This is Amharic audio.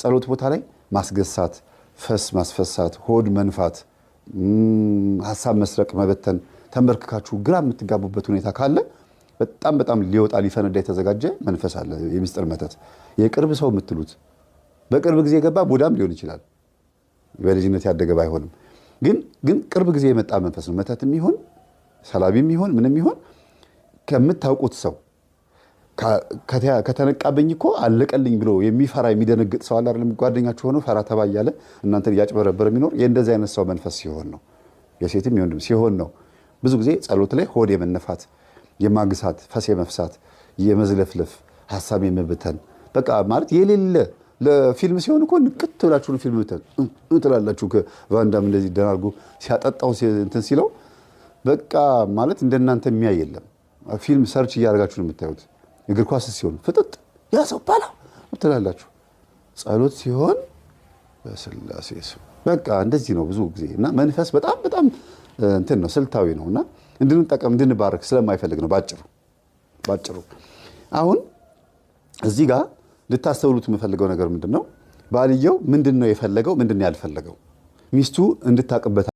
ጸሎት ቦታ ላይ ማስገሳት፣ ፈስ ማስፈሳት፣ ሆድ መንፋት፣ ሀሳብ መስረቅ፣ መበተን፣ ተንበርክካችሁ ግራ የምትጋቡበት ሁኔታ ካለ በጣም በጣም ሊወጣ ሊፈነዳ የተዘጋጀ መንፈስ አለ። የሚስጥር መተት የቅርብ ሰው የምትሉት በቅርብ ጊዜ የገባ ቡዳም ሊሆን ይችላል። በልጅነት ያደገ ባይሆንም ግን ግን ቅርብ ጊዜ የመጣ መንፈስ ነው። መተት የሚሆን ሰላቢ የሚሆን ምንም ይሆን ከምታውቁት ሰው ከተነቃብኝ እኮ አለቀልኝ ብሎ የሚፈራ የሚደነግጥ ሰው አለ አይደለም? ጓደኛችሁ ሆኖ ፈራ ተባ እያለ እናንተን እያጭበረበረ የሚኖር የእንደዚህ አይነት ሰው መንፈስ ሲሆን ነው፣ የሴትም የወንድም ሲሆን ነው። ብዙ ጊዜ ጸሎት ላይ ሆድ የመነፋት፣ የማግሳት፣ ፈስ የመፍሳት፣ የመዝለፍለፍ፣ ሀሳብ የመብተን በቃ ማለት የሌለ ለፊልም ሲሆን እኮ ንቅት ብላችሁን ፊልም ትላላችሁ። ቫንዳም እንደዚህ ደናርጎ ሲያጠጣው እንትን ሲለው በቃ ማለት እንደናንተ የሚያይ የለም። ፊልም ሰርች እያደረጋችሁ ነው የምታዩት። እግር ኳስ ሲሆን ፍጥጥ ያ ሰው ባላ ትላላችሁ። ጸሎት ሲሆን በስላሴ ስም በቃ እንደዚህ ነው። ብዙ ጊዜ እና መንፈስ በጣም በጣም እንትን ነው ስልታዊ ነው እና እንድንጠቀም እንድንባረክ ስለማይፈልግ ነው ባጭሩ ባጭሩ። አሁን እዚህ ጋር ልታስተውሉት የምፈልገው ነገር ምንድን ነው? ባልየው ምንድን ነው የፈለገው? ምንድን ነው ያልፈለገው? ሚስቱ እንድታቅበት